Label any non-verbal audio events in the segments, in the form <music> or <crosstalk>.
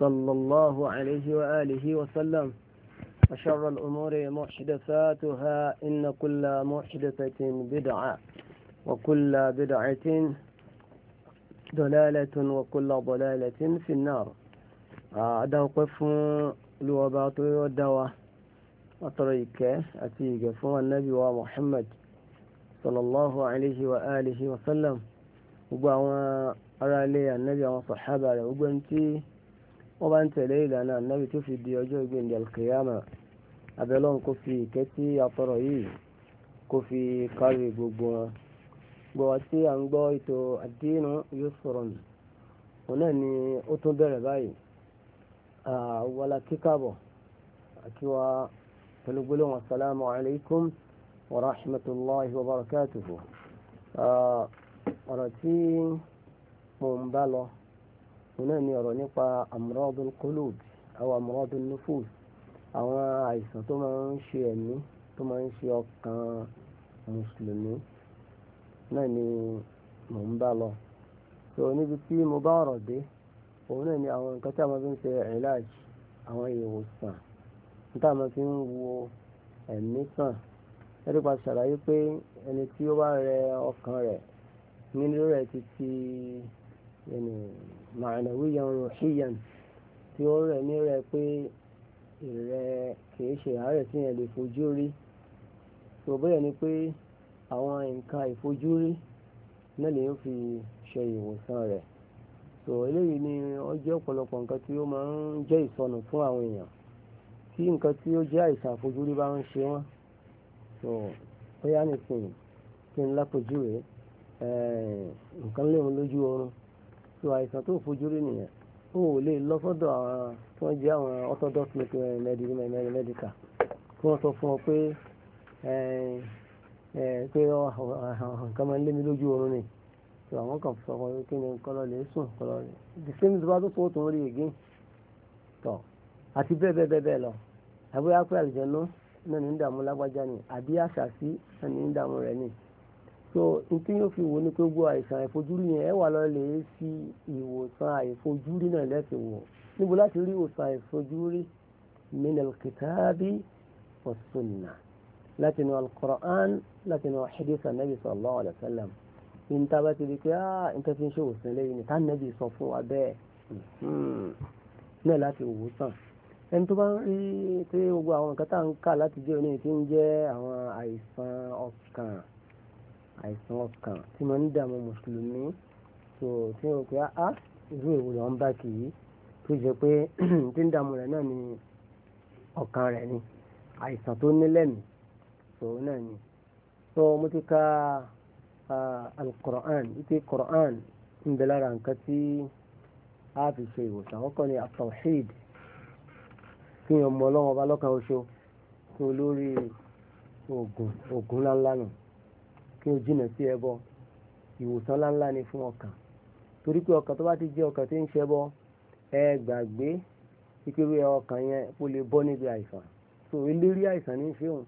صلى الله عليه وآله وسلم وشر الأمور محدثاتها إن كل محدثة بدعة وكل بدعة ضلالة وكل ضلالة في النار أدعو قف لوباط والدواء أطريك أتيك فهو النبي ومحمد صلى الله عليه وآله وسلم وبعوا أرى لي النبي وصحابه وبنتي wọ́n bá ń tẹ̀lé ìlànà ànábì tó fi di ọjọ́ ìgbéǹde alkiyama abẹ́lọ́n kò fi ìkẹ́ tí a tọrọ yìí kò fi kárí gbogbo wọn. gbọ́wọ́ tí à ń gbọ́ ètò àdínú yóò sọ̀rọ̀ nù òun náà ni ó tún bẹ̀rẹ̀ báyìí wàlá kíkàbọ̀ àti wa pẹ̀lú gbólóhùn asalaamu alaykum wa rahmatulahi wa barakatuhu ọ̀rọ̀ tí mò ń bá lọ òun náà ni ọ̀rọ̀ nípa amradul qulub àwọn amradul nufus àwọn àìsàn tó máa ń ṣe ẹ̀mí tó máa ń ṣe ọkàn mùsùlùmí náà ni mò ń bá lọ so níbi tí mo bá ọ̀rọ̀ dé òun náà ni àwọn nǹkan tí a máa fi ń ṣe ìlàj àwọn ìwòsàn níta máa fi ń wo ẹ̀mí sàn ẹ̀rípa ṣàlàyé pé ẹni tí ó bá rẹ ọkàn rẹ̀ nínú rẹ̀ ti ti ẹni màánàwíyàn rọ̀ṣíyàn tí ó rẹ̀ ní rẹ̀ pé ìrẹ̀ kìí ṣe àárẹ̀ tí yẹn lè fojú rí tó bóyá ni pé àwọn nǹkan ìfojúrí náà lè fi ṣe ìwòsàn rẹ̀ tó eléyìí ni ó jẹ́ ọ̀pọ̀lọpọ̀ nǹkan tí ó máa ń jẹ́ ìsọnù fún àwọn èèyàn tí nǹkan tí ó jẹ́ àìsàn àfojúrí bá ń ṣe wọ́n tó bóyá nìsín kí n lápòjúwe nǹkan léwu lójú so àìsàn tó fojú rí nìyẹn ó ò lè lọ sọ́dọ̀ àwọn tí wọ́n jẹ́ àwọn orthodox eh, medical kí wọ́n sọ fún ọ pé eh, eh, pé nǹkan máa ń lé mi lójú oorun ni so àwọn kan sọ fún ọ kí ni kọ́lọ́ lè sùn kọ́lọ́ lè the same is about tó tó ń rí again tọ̀ àti bẹ́ẹ̀ bẹ́ẹ̀ bẹ́ẹ̀ lọ àbúrò apẹ́ àlùjẹ́ náà ní ń dààmú lágbájá ni àbí àṣà sí ní ń dààmú rẹ̀ ni so ntí yóò fi wò ni pé gbogbo àìsàn àìfojúrí yẹn ẹ wà lọ lè fi ìwòsàn àìfojúrí náà lẹ́sìn wò níbo láti rí ìwòsàn àìfojúrí minal kitabi wa sunna láti nu al láti nu hadith anabi sallallahu alayhi wa sallam níta bá ti di pé ah nǹkan fi ń ṣe òsìn lẹ́yìn níta nẹ́bí sọ fún wa bẹ́ẹ̀ hmm. náà láti wò sàn ẹni tó bá ń rí pé gbogbo àwọn nǹkan tá à ń kà láti jẹ́ oní ti ń jẹ́ àwọn àìsàn ọkàn àìsàn ọkàn tí mo ń dààmú mùsùlùmí tó tí mo pè á irú èwo ló ń bá kì í tó jẹ pé <clears throat> tí ń dààmú rẹ̀ náà ni ọkàn rẹ̀ ni àìsàn tó ní lẹ́mìí tó náà ni tó mo ti ka alukoran ike koran ń bẹ lára nǹkan tí a fi ṣe ìwòsàn àwọn kan ní atawhid kí èèyàn mọ ọlọ́wọ́n ọba lọ́kàn oṣù tó lórí oògùn oògùn ńláńlá nù kí o jìnà sí ẹbọ ìwòsàn ńláńlá ni fún ọkàn torí pé ọkàn tó bá ti jẹ́ ọkàn tí ń ṣẹbọ ẹ gbàgbé ìpínlẹ̀ ọkàn yẹn kó lè bọ́ níbi àìsàn so eléré àìsàn ní ṣéun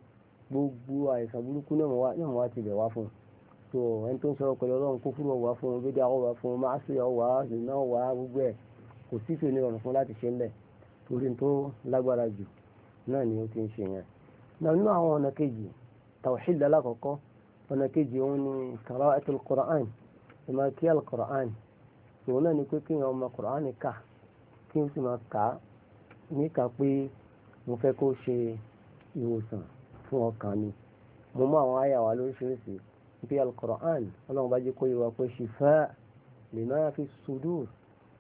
gbogbo àìsàn burúkú náà wọ́n wá ti wá fún so ẹni tó ń sọ̀rọ̀ pẹ̀lú ọlọ́run kó fúrò wá fún un gbédé àwọn wá fún un máa ṣe ọwà ìná wá gbogbo ẹ̀ kò sí tòun ní fún láti ṣe ńlẹ̀ torí tó lágbára jù náà ni ó ti ń ṣe yẹn náà nínú àwọn ọ̀nà kejì tàwíìdì alákọ̀ọ́kọ́ ọ̀nà kejì òun ni qira'atul Qur'an ìmọ̀ kí al-Qur'an òun náà ni pé kí èèyàn ọmọ Qur'an kà kí n sì máa kà á níkà pé mo fẹ́ kó ṣe ìwòsàn fún ọkàn mi mo mú àwọn àyà wa lóríṣiríṣi pé al-Qur'an ọlọ́run bá jẹ́ kó yẹ wa pé shifa lima fi sudur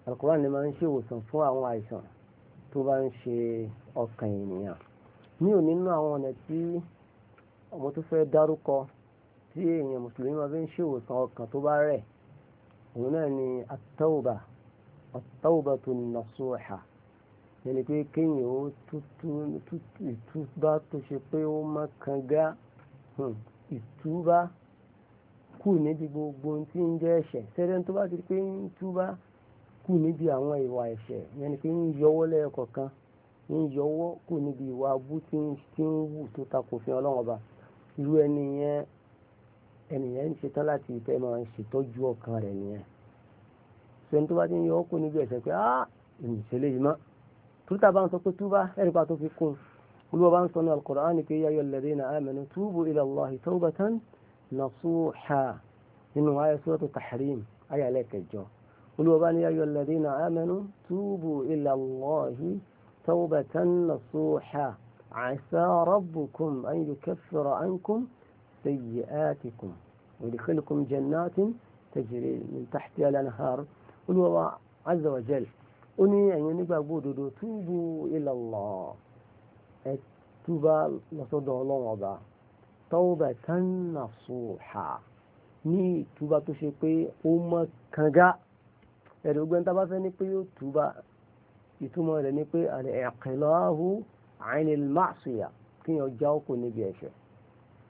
al-Qur'an máa ń ṣe ìwòsàn fún àwọn àìsàn tó bá ń ṣe ọkàn ènìyàn mi ò nínú àwọn ọ̀nà tí ọmọ tó fẹ́ dárúkọ tí èèyàn mùsùlùmí máa fi ń ṣèwòsàn ọkàn tó bá rẹ̀ òun náà ni àtọ́wòbà àtọ́wòbà tó nà sóòhà yẹni pé kéèyàn ó túbá tó ṣe pé ó má kanga ìtúbá kù níbi gbogbo tí ń jẹ́ ẹ̀ṣẹ̀ sẹ́dẹ̀ tó bá ti pé ń túbá kù níbi àwọn ìwà ẹ̀ṣẹ̀ yẹni pé ń yọwọ́ lẹ́ẹ̀kọ̀ọ̀kan ń yọwọ́ kù níbi ìwà abú tí ń wù tó takò fi ọlọ́run ọba irú ẹni yẹn ẹnìyẹn ń ṣetán láti fẹ́ máa ń ṣètọ́jú ọkàn rẹ̀ nìyẹn sẹ́ni tó bá ti ń yọ ọ́ kó níbi ẹ̀sẹ̀ pé ah èmi ìṣẹ̀lẹ̀ yìí mọ́ turuta bá ń sọ pé túbá ẹ̀rí pa tó fi kún olúwa bá ń sọ ní al-Qur'an pé yá ayyuhal ladhina amanu tubu ila Allahi tawbatan nasuha nínú ayé suratu tahrim ayé kẹjọ olúwa bá ní yá ayyuhal ladhina amanu tubu ila Allahi tawbatan nasuha asa rabbukum an yukaffira ankum. سيئاتكم ويدخلكم جنات تجري من تحتها الأنهار قل هو عز وجل أني يعني نقبل توبوا إلى الله túbá lọ́sọ́dọ̀ ọlọ́run ọba tawbatan nasuha ní ìtúbá tó ṣe pé ó mọ́ kanga ẹ̀rọ ogun tá a bá fẹ́ ní pé yóò túbá ìtumọ̀ rẹ̀ ní pé al-iqlahu 'anil ma'siyah kí yàn já ọkọ̀ níbi ẹ̀ṣẹ̀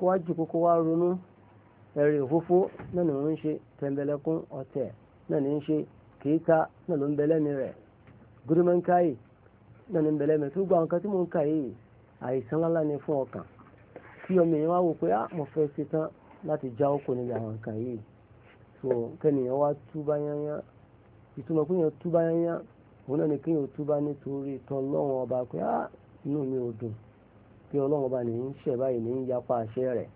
kó ji jù kókó wá ronú ẹ̀rì òfófó náà ni wọ́n ń ṣe tẹ̀m̀bẹ̀lẹ̀kún ọ̀tẹ̀ náà ni ń ṣe kìíta náà ló ń bẹ lẹ́mìí rẹ̀ náà ni ń bẹ lẹ́mìí tó gba àwọn tí mò ń kà yìí àìsàn lálá ni fún ọkàn ọmọ èèyàn wá wò pé ah mo fẹ́ ṣe tán láti já ọkọ̀ níbi àwọn pé ọlọ́run ọba ní ń ṣẹ̀ báyìí ní ń yapa àṣẹ rẹ̀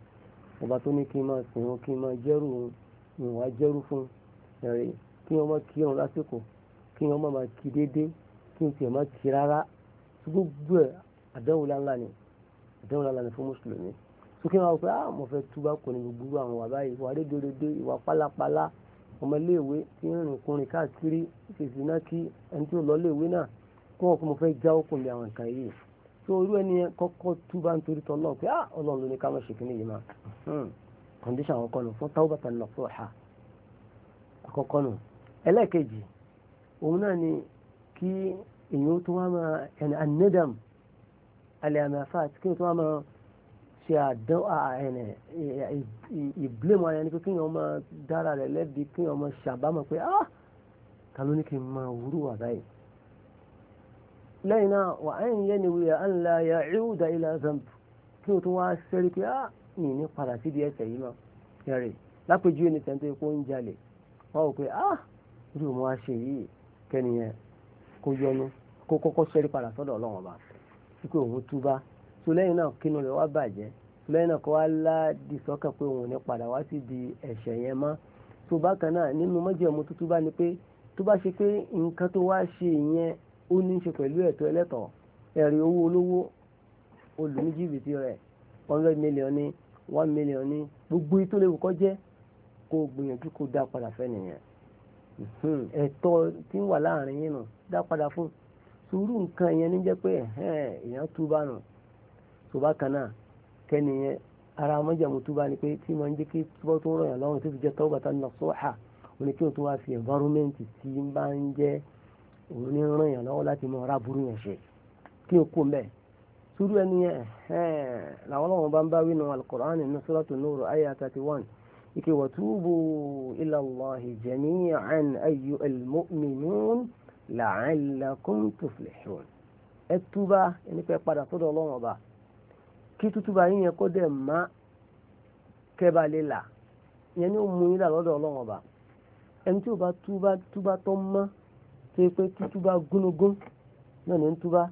ọba tó ní kí n máa sìn wọn kí n máa jẹ́rù wọn wá jẹ́rù fún ẹ̀rí kí wọ́n máa kí wọn lásìkò kí wọ́n máa kí déédéé kí n tiẹ̀ máa kí rárá gbogbo ẹ̀ àdánwò ńlá ni àdánwò ńlá ni fún mùsùlùmí sókè wọn pé ah mo fẹ́ túbá kò ní gbogbo àwọn wà báyìí ìwà rédèrèdè ìwà pálapàla ọmọ iléèwé tí ń rìn kùnrin káàkiri ìfèsì náà kí ẹni tí lọ iléèwé náà kó wọn kó mo fẹ́ já okùn àwọn nǹkan yìí so irú ẹni kọ́kọ́ túbà nítorí tọ́lọ́ pé ah ọlọ́run ló ní ká má ṣe kíní yìí má hmm. condition àwọn kọ́nù fún tawbatan nasuha àkọ́kọ́ nù ẹlẹ́ẹ̀kejì òun náà ni kí èyàn tó wá máa ẹni anidam alẹ́ àmì àfáà kí èyàn tó wá máa ṣe àdán ẹni ìbílẹ̀mọ̀ ayẹni pé kí èyàn máa dára rẹ̀ lẹ́bi kí èyàn máa ṣàbámọ̀ pé ah ta ló ní kí n máa wúrú wà báyìí lẹ́yìn náà wà á ń yẹ́ ni wíyà á ń la ya ìrúdà ilẹ̀ zamb kí o tún wá sẹ́rí pé á ah, ní ní padà síbi ẹsẹ̀ yìí náà kẹrì lápẹjú ẹni tẹ́ntẹ́ kó ń jalè wọ́n wò pé á rí òun wá ṣe yìí kẹ́niyẹn kó yọnu kó kọ́kọ́ sẹ́rí padà sọ́dọ̀ ọlọ́run ọba sí pé òun túbá tó lẹ́yìn náà kínú rẹ̀ wá bàjẹ́ tó lẹ́yìn náà kó wá ládìí sọ́kàn pé òun ní padà wá síbi ẹ̀ṣẹ̀ yẹn mọ́ tó bákan náà nínú mọ́jọ́ ọmọ tuntun bá ní pé tó bá ṣe pé nǹkan tó wá ṣe ìyẹn ó ní í ṣe pẹ̀lú ẹ̀tọ́ ẹlẹ́tọ̀ọ́ ẹ̀rí owó olówó olùmí jìbìtì rẹ̀ hundred million ní one million ní gbogbo ètò léwu kọ́ jẹ́ kó gbìyànjú kó dá padà fẹ́ nìyẹn hmm, ẹ̀tọ́ tí ń wà láàrin yín nù dá padà fún sùúrù nǹkan yẹn ní jẹ́ pé èèyàn túbà nù tòbá kan ara mọ́jàmú túbà ni pé tí mo ń jẹ́ kí tó tó fi jẹ́ tọ́gbàtà òní kí n tó wá fi environment tí bá ń òun ní ràn yàn lọ́wọ́ láti mọ ọ̀rá burú yẹn ṣe kí n kú mbẹ́ sùúrù ẹni yẹn làwọn ọlọ́wọ́n bá ń bá wínú al-Qur'an nínú Suratu Nur ayé thirty one ike wa tubu ila Allahi jami'an ayyuhal mu'minun la'allakum tuflihun ẹ túbá ẹni pẹ́ padà sọ́dọ̀ ọlọ́wọ́n ọba kí tútúbà yín yẹn kó dẹ̀ má kẹ́ba lè là yẹn ni ó mú yín là lọ́dọ̀ ọlọ́wọ́n ọba ẹni tí ò bá túbá túbá tó mọ́ tó yẹ pé túbá gúnugún náà ní túbá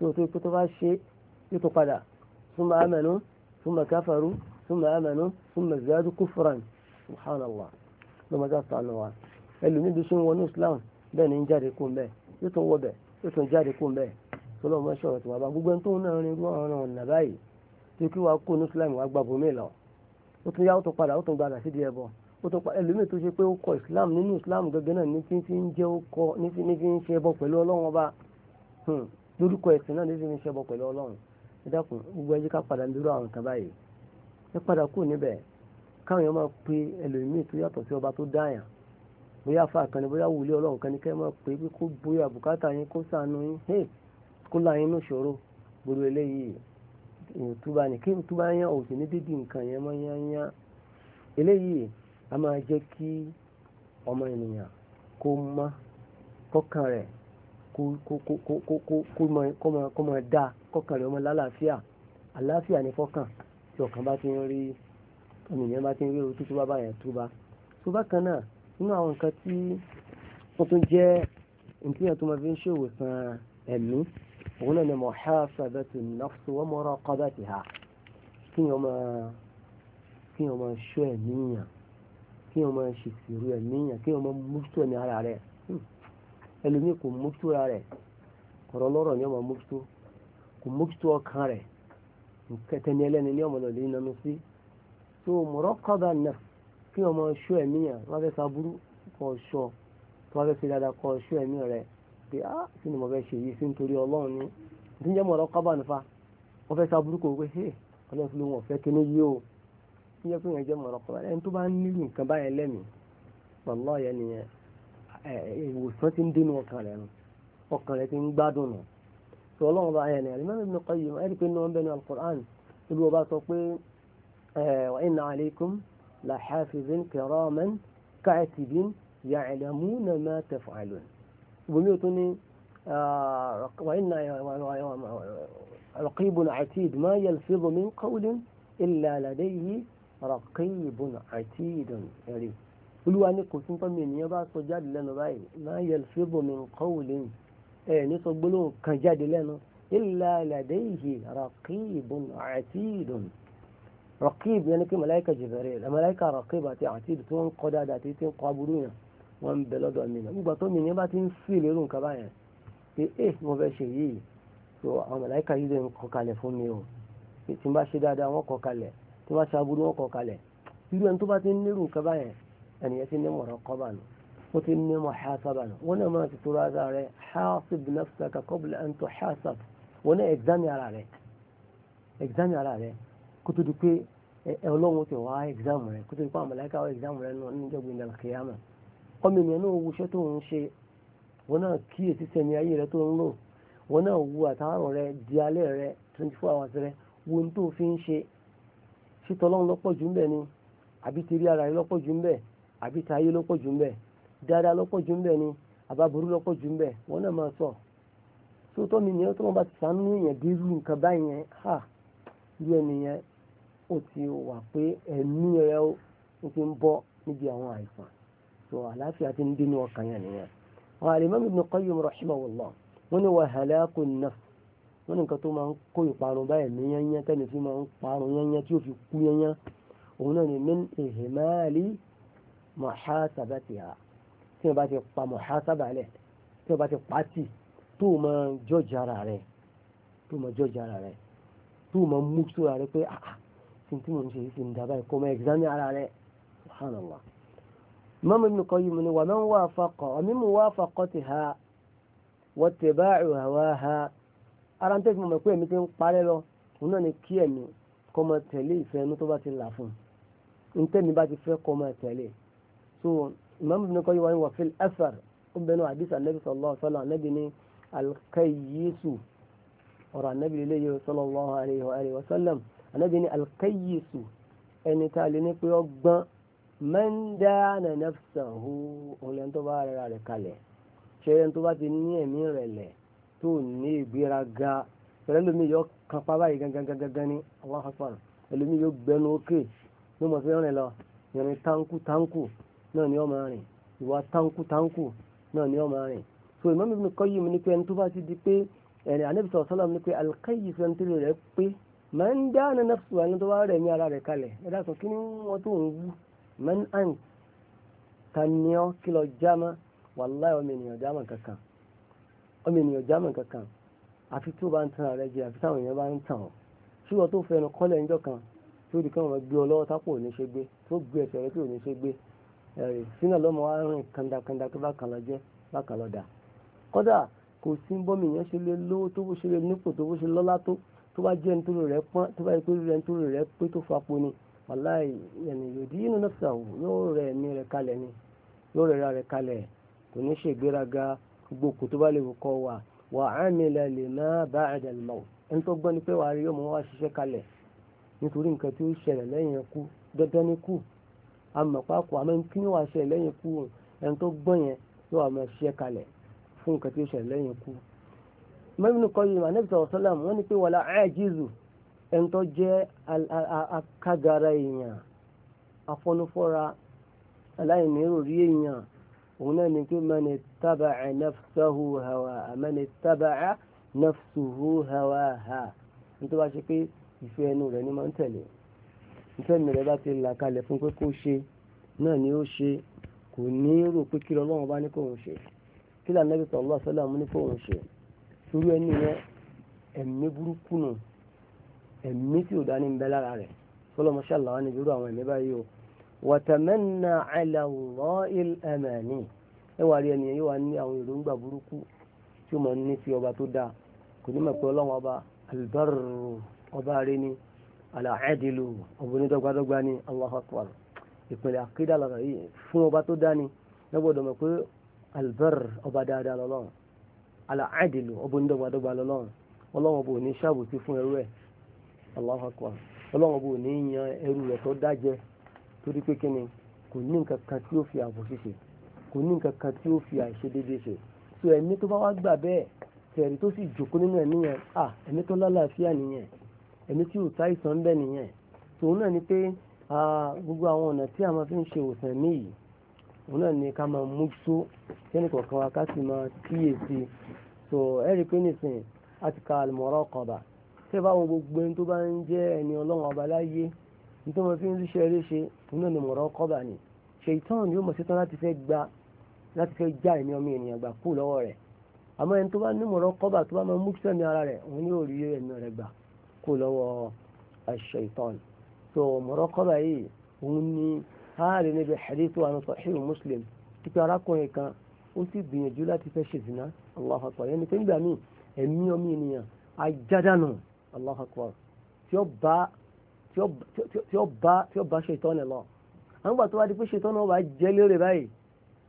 tó yẹ pé tó bá ṣe yóò tó padà súnmọ́ amẹ́nu súnmọ́ káfàrú súnmọ́ amẹ́nu súnmọ́ ziyadu kúfúrán subhanallah lọ́mọ ká sànù wa ẹlòmíì bí sún wọnú islam bẹ́ẹ̀ ni ń jáde kó ń bẹ́ẹ̀ yóò tún wọ bẹ́ẹ̀ yóò tún jáde kó ń bẹ́ẹ̀ sọlọ́mọ ṣọ̀rọ̀ tí wàá bá gbogbo ẹni tó ń náà rin irú ọ̀nà báyìí tí kí wàá kó ní islam wàá gbàbọ̀ mí lọ ó tún yá ó tún padà ó tún gbàdà sídìí ẹbọ ó tó pa ẹlòmíì tó ṣe pé ó kọ islam nínú islam gẹ́gẹ́ náà ní fi fi ń jẹ́ ó kọ ní fi ní fi ń ṣe ẹbọ pẹ̀lú ọlọ́run ọba hmm. lórúkọ ẹ̀sìn náà ní fi ń ṣe ẹbọ pẹ̀lú ọlọ́run ẹ dákun gbogbo ẹjẹ ká padà lórí àwọn nǹkan báyìí ẹ padà kú níbẹ̀ káwọn èèyàn máa pe ẹlòmíì tó yàtọ̀ sí ọba tó dáyàn bóyá afa kan ni bóyá wòlé ọlọ́run kan ni kẹ́ máa pe pé kó bóyá bùkátà yín kó sànú yín kó láyín ní ìṣòro gbogbo eléyìí ìtúbà ní kí ìtúbà yẹn òsì ní dídì nǹkan yẹn mọ́ yányá eléyìí a máa jẹ́ kí ọmọ ènìyàn kó mọ́ kọ́kàn rẹ̀ kó máa dáa kọ́kàn rẹ̀ ọmọ lálàáfíà àlàáfíà ní fọ́kàn tí ọkàn bá ti ń rí ènìyàn bá ti ń rí orí tútù bábà yẹn túbá tó bákan náà nínú àwọn nǹkan tí wọ́n tún jẹ́ nǹkan tó máa fi ń ṣèwòsàn ẹ̀mí òun náà ni muhasabatu nafsi wa muraqabatiha kí wọ́n máa ṣọ́ ẹ̀mí yàn kí wọ́n máa ṣèṣirò ẹ̀ níyàn kí wọ́n máa mójútó ní ara rẹ̀ hmm. ẹlòmíì kò mójútó ara rẹ̀ ọ̀rọ̀ lọ́rọ̀ ni wọ́n máa mójútó kò mójútó ọkàn rẹ̀ kẹtẹni ẹlẹ́ni ní ọmọ lọ́lẹ́ nínú sí tó mọ̀rọ́kọ́dà náà kí wọ́n máa ṣọ́ ẹ̀ níyàn wọ́n fẹ́ sábúrú kọ́ ṣọ́ tó wọ́n fẹ́ fi dáadáa kọ́ ṣọ́ ẹ̀mí rẹ̀ pé á sí ni mo fẹ́ ṣe yìí sí nítorí ọlọ́run ni ìdíjẹ́ mọ̀rọ́kọ́bà nípa wọ́n fẹ́ sábúrú kò wé ọlọ́run fi lóun ọ̀fẹ́ kíní yìí o. tí yẹ kó yẹn jẹ́ mọ̀rọ̀ kọ́ ẹni tó bá ń nílò nǹkan báyẹn lẹ́mìí pọ̀lọ́ yẹn nìyẹn ìwòsàn ti ń dénú ọkàn rẹ̀ nù ọkàn rẹ̀ ti ń gbádùn nù tó ọlọ́run bá yẹn nìyẹn Imam Ibn Qayyim ẹ̀rí pé náà ń bẹnu al-Qur'an olú ọba sọ pé wa inna alaykum la hafizin kiraman ka'atibin ya'lamuna ma taf'alun ìbomi ò tún ní wa inna raqibun atid ma yalfizu min qawlin illa ladayhi رقيب عتيد ẹ̀rí olúwa ní kò sí tọ́mi ènìyàn bá sọ jáde lẹ́nu báyìí ma yalfidu min qawlin ẹ̀ ní sọ gbólóhùn kan jáde lẹ́nu illa ladayhi raqibun atidun raqib yẹn ni kí malaika Jibril malaika raqib àti atid tí wọ́n ń kọ́ dáadáa tí tí ń kọ́ aburú yẹn wọ́n ń bẹ lọ́dọ̀ mi náà nígbà tọ́mi ènìyàn bá ti ń fi ìlérò nǹkan báyẹn pé ẹ eh, mo fẹ́ ṣe yìí so àwọn malaika yìí lè kọ kalẹ̀ fún mi o tí n bá ṣe dáadáa wọ́n kọ kalẹ̀ tó bá ṣàbùrú wọn kọ kalẹ̀ irú ẹni tó bá ti ń nírú nǹkan báyẹn ẹnìyẹn ti ní muraqaba nù ó ti ní muhasaba nù wọn náà máa ti tóra ara rẹ hasib nafsaka qabla an tuhasab wọn náà ẹ̀gzámì ara rẹ ẹ̀gzámì ara rẹ kó tó di pé ọlọ́run ti wá ẹ̀gzámù rẹ kó tó di pé àmàlẹ́kà wá ẹ̀gzámù rẹ nù ní ìjọba ìdàlù kìyàmà ọmọ ènìyàn náà wo iṣẹ́ tó ń ṣe wọn náà kíyèsí sẹ́ni ayé rẹ tó ń lò wọn náà wo àtàárọ̀ rẹ di alẹ́ rẹ twenty four hours rẹ wo ohun tó fi ń ṣe sí tọ́lọ́run lọ́pọ̀ jù ń bẹ̀ ni àbí ti rí ara rẹ lọ́pọ̀ jù ń bẹ̀ àbí ta lọ́pọ̀ jù ń bẹ̀ dáadáa lọ́pọ̀ jù ń bẹ̀ ni àbábúrú lọ́pọ̀ jù ń bẹ̀ wọ́n náà máa sọ. tó tọ́ mi nìyẹn tó wọ́n bá ti sànú èèyàn dé irú nǹkan báyẹn ha irú ẹnìyẹn ó ti wà pé ẹ̀mí rẹ ó ti ń bọ́ níbi àwọn àìsàn tó àlàáfíà ti ń dé ní ọkàn yẹn nìyẹn. wàhálà Imam Ibn Qayyim rahimahullah wọ́n ní wàhálà kò nafs wọ́n ní nǹkan tó máa ń kó ìparun báyìí ní yányán tẹ́ni fi máa ń parun yányán tí ó fi kú yányán òun náà ni min ihmali muhasabatiha tí wọ́n bá ti pa muhasaba lẹ̀ tí wọ́n bá ti pa tì tó máa jọ́jà ara rẹ̀ tó máa jọ́jà ara rẹ̀ tó máa mú sóra rẹ̀ pé àà ah, ah, tí tí mo ń ṣe yìí ti ń dábàá ẹ̀kọ́ máa ẹ̀gzámì ara rẹ̀ subhanallah. Imam Ibn Qayyim ni wa man wafaqa ara ń tẹ́sí mọ̀ pé ẹ̀mí ti ń parẹ́ lọ òun náà ni kí ẹ̀mí kọ́ mọ tẹ̀lé ìfẹ́ inú tó bá ti là fún un ntẹ́mi bá ti fẹ́ kọ́ mọ tẹ̀lé so ìmáàmù Ibn Qayyim wà fil athar ó bẹnu àdìsá nẹ́bí sallallahu alaihi wasallam nẹ́bí ní alkayisu ọ̀rọ̀ anẹ́bí lè yẹ sallallahu alaihi wasallam anẹ́bí ní alkayisu ẹni tá a lè ní pé ọgbọ́n man dana tó ní ìgbéraga pẹ̀lú ẹlòmíì yóò kan pa báyìí gangan ní Allahu Akbar ẹlòmíì yóò gbẹnu ókè ní mo fi rìn lọ ìrìn táǹkù táǹkù náà ni ó máa rìn ìwà táǹkù tanku náà ni ó máa rìn so Imam Ibn Qayyim ní pé ẹni tó bá ti di pé ẹni àníbìsọ̀ sọ́lá ní pé alkayi fẹ́ntìrì rẹ̀ pé máa ń dáná nafsu ẹni tó bá rẹ̀ ní ara rẹ̀ kalẹ̀ ẹ dákun kí ni wọ́n tó ń wú máa ń àn taniọ́ kí lọ jáma wàláhì ọmọ ènìyàn jáma kankan ọmọ ènìyàn jámọ̀ kankan àfi tó bá ń tan ààrẹ jẹ àfi táwọn èèyàn bá ń tàn ọ́ ṣùgbọ́n tó fẹnu kọ́lẹ̀ ńjọ́ kan tó di káwọn gbé ọ lọ́wọ́ tápò òní ṣe gbé tó gbé ẹsẹ̀ rẹ tí òní ṣe gbé ẹ̀rì sínú lọ́mọ wa rìn kandakanda tó bá kàn lọ jẹ́ bá kàn lọ dà kódà kò sí bọ́mì yẹn ṣe lé lówó tó bó ṣe lé nípò tó bó ṣe lọ́lá tó tó bá jẹ́ nítorí rẹ pé tó fapo ni wàláì ni yóò rẹ ra gbogbo kò tó bá lè wò kọ́ wa wà á nílẹ̀ lè má ba'da al-mawt ẹni tó gbọ́ ni pé wàá rí ọmọ wa ṣiṣẹ́ kalẹ̀ nítorí nǹkan tí ó ṣẹlẹ̀ lẹ́yìn ikú dandan ni kú amọ̀pákọ̀ àmọ́ kí ni wàá ṣẹlẹ̀ lẹ́yìn ikú ẹni tó gbọ́ yẹn yóò wà máa ṣiṣẹ́ kalẹ̀ fún nǹkan tí ó ṣẹlẹ̀ lẹ́yìn ikú. mẹ́rin kọ́ yìí anabi sọ̀rọ̀ sọ́làm wọ́n ní pé wàlá àjízù ẹni tó jẹ́ akágara èèyàn afọ́nufọ́ra aláìní èèyàn òun náà ni pé man ittaba'a nafsahu hawaha man ittaba'a nafsuhu hawaha nítorí wá ṣe pé ìfẹ́ ẹnu rẹ̀ ni máa ń tẹ̀lé ìfẹ́ mi rẹ̀ bá ti là kalẹ̀ fún pé kó ṣe náà ni ó ṣe kò ní rò pé kí Ọlọ́run bá ní kó òun ṣe kí l'Ànábì sallallahu alaihi wasallam ní kó òun ṣe irú ẹni yẹn ẹ̀mí burúkú nù ẹ̀mí tí ò dání ń bẹ lára rẹ̀ sọlọ́mọṣẹ́ àlàwá ni irú àwọn ẹ̀mí báyìí o wàtàmẹ́nà àìlàwọ̀ ìlẹ̀mẹ̀ni E wà rí ẹni yóò wá ní awon èròǹgbà burúkú tí ó máa ní sí ọba tó dáa kò ní mọ̀ pé ọlọ́run ọba ni àlàáìdìlù ọba ni Allahu Akbar ìpínlẹ̀ àkídà lọ́rọ̀ yìí fún ọba tó ni lọ́gbọ̀dọ̀ mọ̀ pé alùbárò ọba dáadáa lọ́lọ́run àlàáìdìlù ọba Allahu Akbar ni je. torí pé kí ni kò ní nǹkan kan tí ó fi àbòsí ṣe kò ní nǹkan kan tí ó fi àìṣedéédéé ṣe so ẹ̀mí tó bá wá gbà bẹ́ẹ̀ tẹ̀rí tó sì jòkó nínú ẹ̀mí yẹn à ẹ̀mí tó lálàáfíà nìyẹn ẹ̀mí tí ò tá ìsàn bẹ́ẹ̀ nìyẹn tòun náà ni pé gbogbo àwọn ọ̀nà tí a máa fi ń ṣe òsàn ẹ̀mí yìí òun náà ni ká máa mú só sẹ́ni kọ̀ọ̀kan wa ká sì máa kíyèsí so ẹ rí i pé nìsín àti ka àlùmọ̀rọ̀ kọ̀ọ̀bà tẹ́ bá wọn gbogbo ẹni tó bá ń jẹ́ ẹni ọlọ́run ọba láyé nítorí wọn fi ń ríṣẹ́ léṣe iná ni mọ̀rọ́ kọ́bà ni ṣèitán yóò mọ̀ ṣetán láti fẹ́ gba láti fẹ́ já ẹ̀mí ọmọ ènìyàn gbà kú lọ́wọ́ rẹ̀ àmọ́ ẹni tó bá ní mọ̀rọ́ kọ́bà tó bá máa mú kíṣẹ́ ní ara rẹ̀ òun yóò rí ẹ̀mí rẹ̀ gbà kú lọ́wọ́ ṣèitán tó mọ̀rọ́ kọ́bà yìí òun ni háàrí níbi hadith wa Sahih Muslim pípẹ́ arákùnrin kan ó sì gbìyànjú láti fẹ́ ṣe tí ó bá tí ó bá ṣètọ́ ni lọ àwọn gbà tó bá di pé ṣètọ́ náà wà jẹ́ lérè báyìí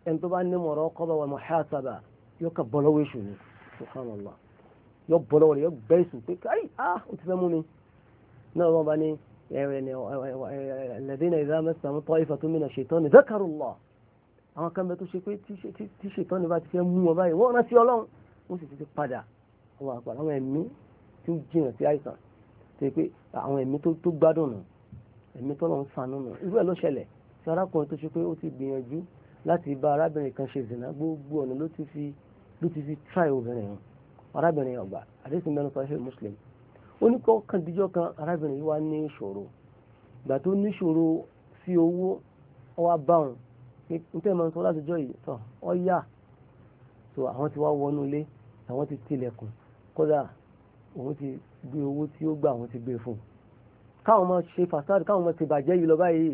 ẹni tó bá ní mọ̀rọ̀ kọ́bà wà muhasaba yóò kà bọ́ lọ́wọ́ èṣù ni subhanallah yóò bọ́ lọ́wọ́ rẹ̀ yóò gbẹ́ èṣù pé káyì á ah, ó ti fẹ́ mú mi náà wọ́n bá ní alladhina idha massahum ta'ifatun mina shaytani dhakaru Allah àwọn kan bẹ tó ṣe pé tí ṣètọ́ni bá ti fẹ́ mú wọn báyìí wọ́n rántí ọlọ́run wọ́n sì ti padà àwọn àgbà ẹ̀mí tí ó jìnà sí àìsàn tó pé àwọn ẹ̀mí tó gbádùn nù ẹ̀mí tó lọ́n sanú nù irú ẹ̀ ló ṣẹlẹ̀ tí arákùnrin tó ṣe pé ó ti gbìyànjú láti bá arábìnrin kan ṣe zìnà gbogbo ọ̀nà ló ti fi ló ti fi try obìnrin hàn arábìnrin ọ̀gbà àdéhùn mẹ́rin sọ́ṣẹ́ muslim ó ní kọ́ kan díjọ́ kan arábìnrin yìí wá ní ìṣòro ìgbà tó ní ìṣòro sí owó ọwá báwọn nítorí mọ̀ nítorí látijọ́ yìí tán ọ yá so àwọn ti wá wọnú ilé àwọn ti tilẹ̀kùn kódà òun ti gbé owó tí ó gbà wọ́n ti gbé fún un káwọn máa ṣe fàṣáàdì káwọn máa ti bàjẹ́ yìí lọ báyìí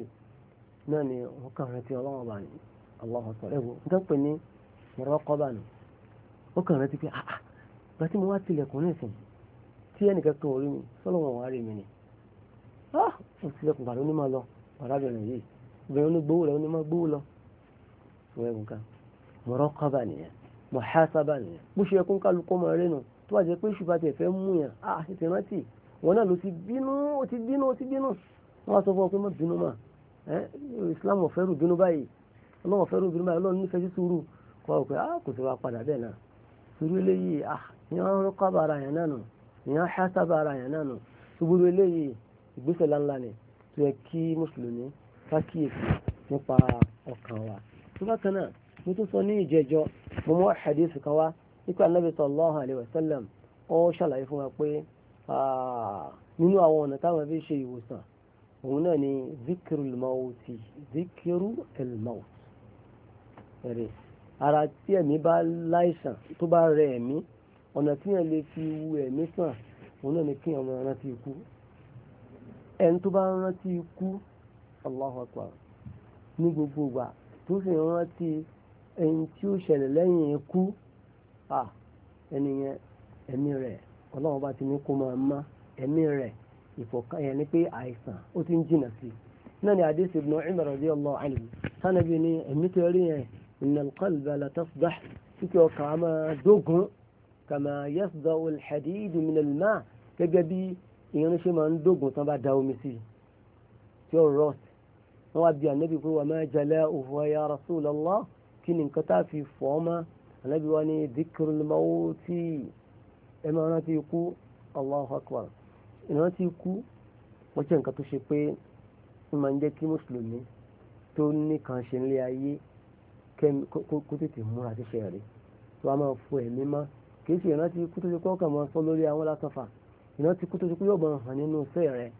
náà ni wọ́n kàn rántí ọlọ́wọ́n bá ní ọlọ́wọ́n sọ ẹ̀wọ̀ n tán pè ní mọ̀rọ́kọ́bà nù wọ́n kàn rántí pé àà ah, ah, gba tí mo wá tilẹ̀kùn ní ìsìn tí ẹnìkan kan ò mi sọ́lọ́wọ́n wà á rí mi ni ah mo tilẹ̀kùn bàrẹ́ onímọ̀ lọ arábìnrin yìí obìnrin onígbówó rẹ̀ onímọ̀ gbówó lọ sọ ẹ̀wọ̀n kan mọ̀rọ́kọ́bà nìyẹn nìyẹn mọ̀ tó bá jẹ́ pé ṣùgbọ́n àti ẹ̀fẹ́ mú yàn á tètè rántí wọn náà ló ti bínú ó ti bínú ó ti bínú wọn á sọ fún ọ pé má bínú mà ẹ Islam ọ̀fẹ́ rù bínú báyìí ọlọ́wọ́ fẹ́ rù bínú báyìí ọlọ́run nífẹ̀ẹ́ sí sùúrù kọ́ ọ pé á ah, kò sí wa padà bẹ́ẹ̀ náà sùúrù eléyìí à ah, ìyàn rọ́kọ́ bàrà yàn náà nù ìyàn ṣáṣá bàrà yàn náà nù sùúrù eléyìí ìgbésẹ̀ láńlá ni tó yẹ kí mùsùlùmí kákíyèsí nípa ọkàn wa tó bákan náà mo tún sọ ní ìjẹjọ mo mú àhàdíìsì kan wá ikú anábì sallallahu alaihi wasallam ó ṣàlàyé fún wa pé nínú àwọn ọ̀nà táwọn fi ṣe ìwòsàn òun náà ni zikiru ilmauti zikiru ilmauti ẹ̀rẹ̀ ara tí ẹ̀mí bá láìsàn tó bá rẹ ẹ̀mí ọ̀nà tí yẹn lè fi wu ẹ̀mí sàn òun náà ni kí ọmọ rántí ikú ẹni tó bá rántí ikú Allahu Akbar ní gbogbo ìgbà tó sì rántí ẹni tí ó ṣẹlẹ̀ lẹ́yìn ikú à ẹni yẹn ẹ̀mí rẹ̀ ọlọ́run bá ti ní kó máa má ẹ̀mí rẹ̀ ìfọ̀kàn yẹn ni pé àìsàn ó ti ń jìnà sí i náà ni hadith ibn Umar radiyallahu anhu sanabi ni ẹ̀mí tó rí yẹn innal qalba la tasdah kíkẹ́ ọkàn á máa dógún kàmá yasdahu al-hadid min al-ma' gẹ́gẹ́ bí irinṣẹ́ máa ń dógún tán bá da omi sí i tí ó rọ́ọ̀t wọ́n wá bí ànábì pé wa ma jala'uhu ya Rasulullah kí ni nǹkan tá a fi fọ́ máa ànábì wa ní dhikrul mawti ẹ máa rántí ikú Allahu akbar ìrántí ikú wọ́n jẹ́ nǹkan tó ṣe pé ń máa ń jẹ́ kí mùsùlùmí tó ní kan ṣe nílé ayé kó tètè múra ṣiṣẹ́ rẹ̀ tó a máa fọ ẹ̀mí mọ́ kì í ṣe ìrántí ikú tó ṣe pé ọkàn máa sọ lórí àwọn látọ̀fà ìrántí ikú tó ṣe pé yóò máa hàn nínú iṣẹ́ rẹ̀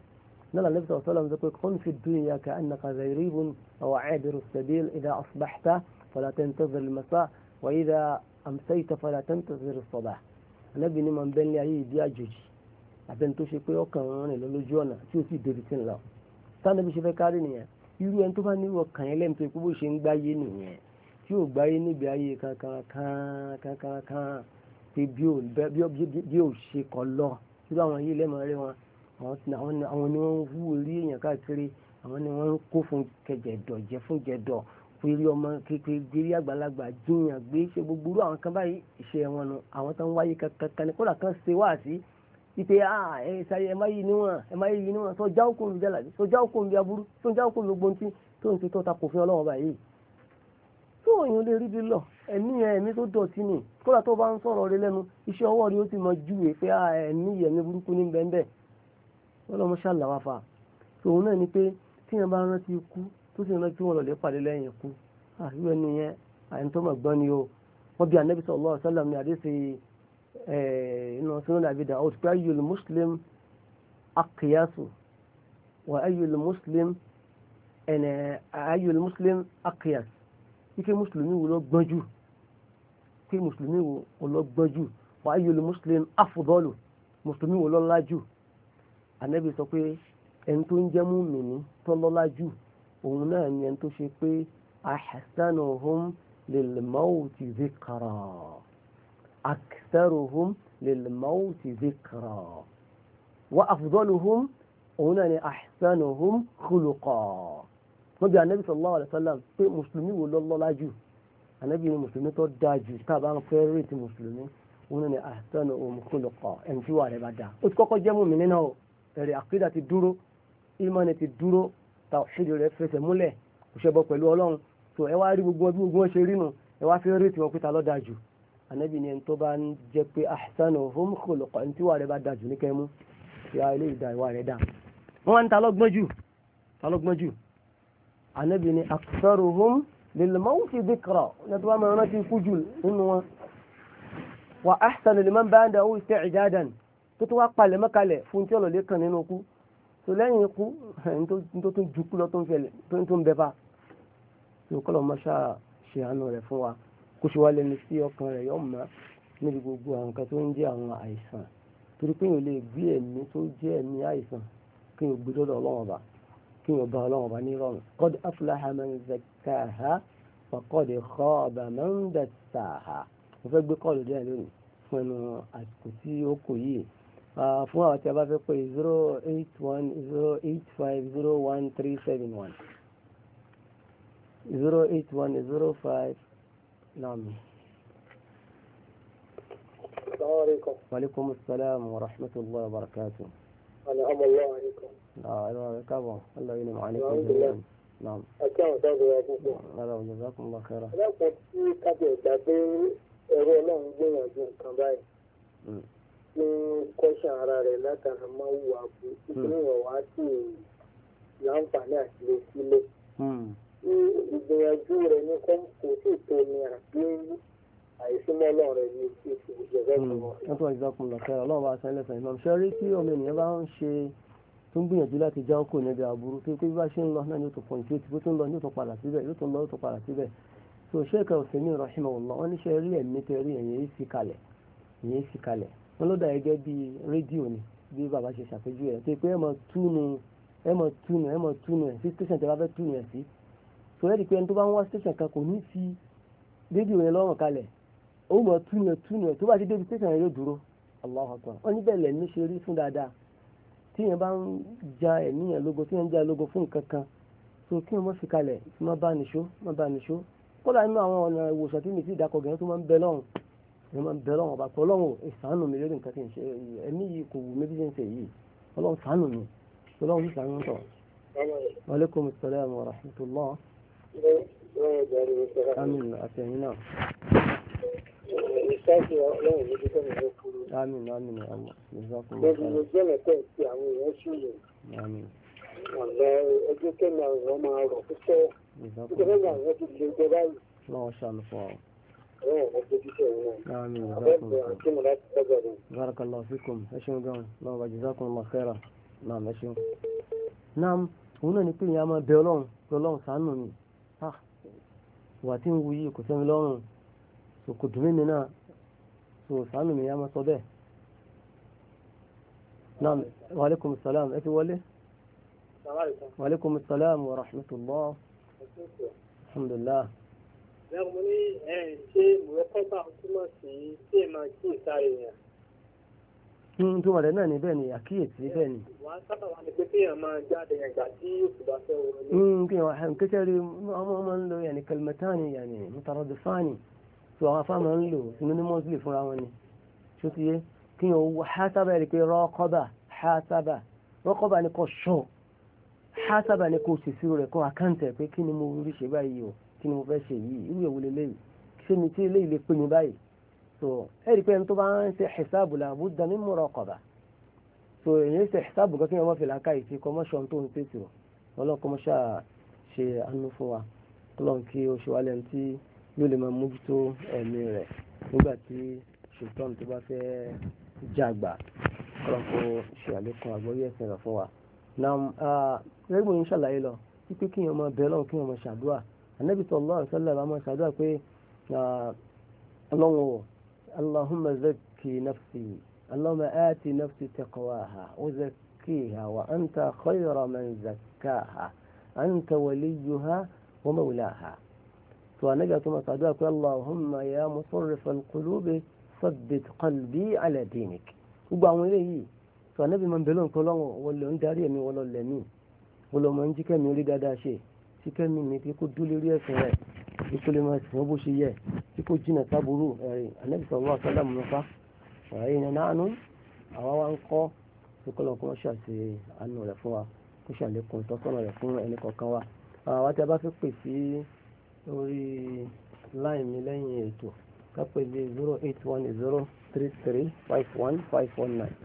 نلا النبي صلى الله عليه وسلم يقول كن في الدنيا كأنك غريب أو عابر السبيل إذا أصبحت فلا تنتظر المساء وإذا أمسيت فلا تنتظر الصباح النبي ní màá ń bẹ ní ayé ìdí àjòjì àbẹni tó ṣe pé ọkàn wọn rìn lójú ọ̀nà tí ó sì débi tí ń lọ táwọn ẹbí ṣe fẹ́ kárí nìyẹn irú ẹni tó bá ní ọkàn yẹn lẹ́nu tó ikú bó ṣe ń gbáyé nìyẹn tí ò gbáyé níbi ayé kankankankankan pé àwọn yìí àwọn ni wọ́n ń hú orí èèyàn káàkiri àwọn ni wọ́n ń kó fún kẹjẹ̀dọ̀ jẹ́ fún jẹ̀dọ̀ pèrè ọmọ kékeré gbèrè àgbàlagbà jiyàn gbé ṣe gbogbo irú àwọn kan báyìí ṣe wọn nu àwọn tó ń wáyé kankan ní kódà kan ṣe wáàsí ipe ẹ ṣayẹ ẹ má yí níwọ̀n ẹ má yí níwọ̀n tó já òkú mi jálàbí tó já òkú mi aburú tó já òkú mi gbogbo ntí tó ń ṣe tó ta kò fi ọlọ́wọ́ báyìí tó òyìn lè rí bí lọ ẹ̀mí ẹ̀mí tó dọ̀tí ni kódà tó bá ń sọ̀rọ̀ rẹ lẹ́nu iṣẹ́ ọwọ́ rẹ ó ti mọ júwe pé ẹ̀mí ẹ̀mí burúkú ní bẹ́ẹ̀ bẹ́ẹ̀ wọ́n tòun náà ni pé tíyẹn bá rántí ikú tó sì rántí wọn lọlẹ́ pàdé lẹ́yìn ikú àìwú ẹni yẹn àyẹn tó mọ̀ gbọ́n ni o wọ́n bí anabi sallallahu alaihi wasallam ní àdéṣe inú sunan Abi Dawud pé ayyul muslim aqiyasu wa ayyul muslim ẹnẹ ayyul muslim aqiyas ike mùsùlùmí wo ló gbọ́n jù ike mùsùlùmí wo ló gbọ́n jù wa ayyul muslim afdalu mùsùlùmí wo ló lọ́lá jù anabi sọ pé ẹni tó ń jẹ́ mú mìíní tó lọ́lá jù òun náà ni ẹni tó ṣe pé ahsanuhum lil mawti zikra aktharuhum lil mawti zikra wa afdaluhum òun náà ni ahsanuhum khuluqa wọ́n bí anabi sallallahu alayhi wa sallam pé mùsùlùmí tàwọ̀ṣẹ́dì rẹ̀ fẹsẹ̀ múlẹ̀ òṣèbọ pẹ̀lú ọlọ́run tó ẹ wá rí gbogbo bí gbogbo ṣe rí nù ẹ wá fi rétí wọn pé ta ló dáa jù ànábì ni ẹni tó bá ń jẹ pé ahsanuhum khuluqan ní tíwà rẹ bá dáa jù ní kẹmú ti a ilé ìdá ìwà rẹ dáa wọn wá ń ta lọ́gbọ́n jù ta lọ́gbọ́n jù ànábì ni aktharuhum lil mawti dhikra ní tó bá máa rántí ikú jù nínú wọn wà ahsanu liman ba'dahu isti'dadan tó tó wá palẹ̀ mọ́kalẹ̀ fún tí ọ̀lọ́lẹ́ kan nínú kú tó lẹ́yìn ikú tó tún ju kú lọ tó ń fẹlẹ̀ tó ń bẹ bá tó kọ́lọ̀ mọ́ṣá ṣe àánú rẹ̀ fún wa kó ṣe wá lẹ́nu sí ọkàn rẹ̀ yọ̀ mọ́ níbi gbogbo àwọn nǹkan tó ń jẹ́ àwọn àìsàn torí pé èèyàn lè gbé ẹ̀mí tó jẹ́ ẹ̀mí àìsàn kí èèyàn gbé dọ́dọ̀ ọlọ́wọ́n bá kí èèyàn bá ọlọ́wọ́n bá ní rọrùn qad aflaha fún àwọn tí a bá fẹ́ pé zero السلام عليكم وعليكم السلام ورحمة الله وبركاته نعم الله عليكم آه أيوة الله ينعم عليكم نعم أكرم هذا جزاكم الله خيرا لا تنسي كابو تابعي ẹ̀rọ ọlọ́run gbìyànjú nǹkan báyìí ní kọ́ṣà ara rẹ̀ látara máa wù bụ ìgbìmọ̀ wá sí hmm. láǹfààní àti ìsílẹ̀. Hmm. ìgbìyànjú rẹ̀ ní kọ́ kò sí tó ní àbí rẹ̀ ní ìjọba hmm. ọlọ́run bá sẹ́lẹ̀ náà ṣe rí ènìyàn bá ń ṣe gbìyànjú láti já pé bí bá ṣe ń lọ náà ni ó tó pọ̀jù tí ó lọ padà yóò so wọn ní ṣe rí tẹ rí wọn ló dà gẹ́gẹ́ bí rédíò ni bí bàbá ṣe ṣàpèjúwe rẹ̀ pé ẹ mọ̀ túnu ẹ mọ̀ túnu ẹ mọ̀ túnu ẹ̀ sí tẹ̀sán tẹ́ bá fẹ́ túnu ẹ̀ sí sọ̀rọ̀ ẹ̀dì pé ẹni tó bá ń wá tẹ̀sán kan kò ní fi rédíò yẹn lọ́rùn kalẹ̀ ó mọ̀ túnu ẹ̀ túnu ẹ̀ tó bá ti débi tẹ̀sán yẹn yóò dúró Allahu Akbar wọn níbẹ̀ lẹ̀ ní ṣe rí fún dáadáa tí yẹn bá ń ja ẹ̀mí yẹn lógo tí yẹn ń ja lógo fún nǹkan kan so kí wọn mọ̀ fi kalẹ̀ má bá nìṣó má bá nìṣó kódà nínú àwọn ọ̀nà ìwòsàn tí ni mo ń bẹ lọ́wọ́ bá pé ọlọ́run ìsànù mi lórí nǹkan tí ń ṣe ẹ̀mí yìí kò wù mí bí ń ṣe yìí ọlọ́run sànù mi ọlọ́run sì sànù tọ̀. aleykum salaam wa rahmatulah. amin àtẹ̀yìn náà. ìṣáàjú ọlọ́run ló dúpẹ́ mi ló kúrú. amin amin amin jazakumullah. lọ́dún ló jẹ́ lẹ́kọ̀ọ́ ti àwọn èèyàn ṣùgbọ́n. amin. ọ̀lẹ́ kẹ́mi àwọn ọmọ rọ̀ púpọ̀ barakallahu fikum ẹ ṣeun gan náà wà jazakumullahu khairan náà ẹ ṣeun. náà òun náà ni pé ìyá máa bẹ ọlọ́run pé ọlọ́run ṣàánú mi wà tí ń wu yìí kò tẹ́mi lọ́rùn kò dùn mí nínà kò ṣàánú mi ìyá máa sọ bẹ́ẹ̀. náà wa alaikum ẹ ti wọlé. wa alaikum wa rahmatullah alhamdulillah lẹ́yìn mo ní ẹ̀ ṣé mùrẹ́kọ́bà túmọ̀ sí tí ẹ máa kí ìsáré yẹn. ń hmm, túmọ̀ rẹ̀ náà ni bẹ́ẹ̀ ni àkíyèsí bẹ́ẹ̀ ni. wà á sábà wà ní pé kéèyàn máa jáde ìgbà tí òṣùbà fẹ́ wọlé. Hmm, kéèyàn kékeré ọmọ ọmọ ń lo yàní kalimatani yàní mutaradifani tó àwọn afá máa ń lò sínú ní mọ́sílì fúnra wọn ni tó kéèyàn wọ hásábà rí pé rọ́kọ́bà hásábà rọ́kọ́bà ni kò ṣọ́ ni kò ṣèṣirò rẹ̀ kó àkáǹtẹ̀ pé kí kí ni mo fẹ́ ṣe yìí irú èwo leléyìí ṣé mi tí eléyìí lè pè mí báyìí so ẹ̀rí pé ẹni tó bá ń ṣe hisabu la budda min muraqaba so èyí ṣe hisabu kan kí wọ́n fi làákà yìí ti kọ́mọ́ṣọ́ tó ń tètè o ọlọ́kọ́mọ́ṣà ṣe àánú fún wa ọlọ́run kí o ṣe wálé ẹni tí yóò lè máa mójútó ẹ̀mí rẹ̀ nígbà tí ṣùgbọ́n tó bá fẹ́ jàgbà ọlọ́run kó ṣe àlékún àgbọ́yé anabi sallallahu alaihi wasallam àmọ́ ṣàdúrà pé ah, ọlọ́run o allahumma zakki nafsi allahumma aati nafsi taqwaha wa zakkiha wa anta khayra man zakkaha anta waliyuha wa mawlaha tó anabi àtúmọ̀ ṣàdúrà pé allahumma ya musarrifal qulubi sabbit qalbi ala dinik gbogbo àwọn eléyìí tó anabi máa ń bẹ̀rẹ̀ nǹkan lọ́wọ́ wọlé ń darí ẹ̀mí wọlọ́lẹ̀mí wọlọ́mọ ń jíkẹ́ mi orí dáadáa ṣe tí kẹ́mi ní pé kó dúró lórí ẹ̀sìn rẹ̀ bí kó lè máa sìn ó bó ṣe yẹ tí kò jìnà sábúrú ẹ̀rìn ànẹ́bìsọ̀ wà sọ́dà mọ́fà ọ̀rẹ́ yẹn náánú àwa wa ń kọ́ ìkọlọ̀ kó wọ́n ṣàṣe àánú rẹ̀ fún wa kó ṣàlékún ìtọ́sọ́nà rẹ̀ fún ẹnì kọ̀ọ̀kan wa àwa tí a bá fẹ́ pè sí orí láì mi lẹ́yìn ètò ká pè sí zero eight one zero three three five one five one nine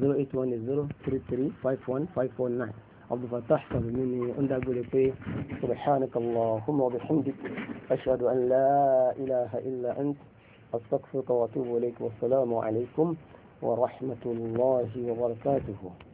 zero eight one zero three three five one five one nine. عبد الفتاح مني عند أقول لك سبحانك اللهم وبحمدك أشهد أن لا إله إلا أنت أستغفرك وأتوب إليك والسلام عليكم ورحمة الله وبركاته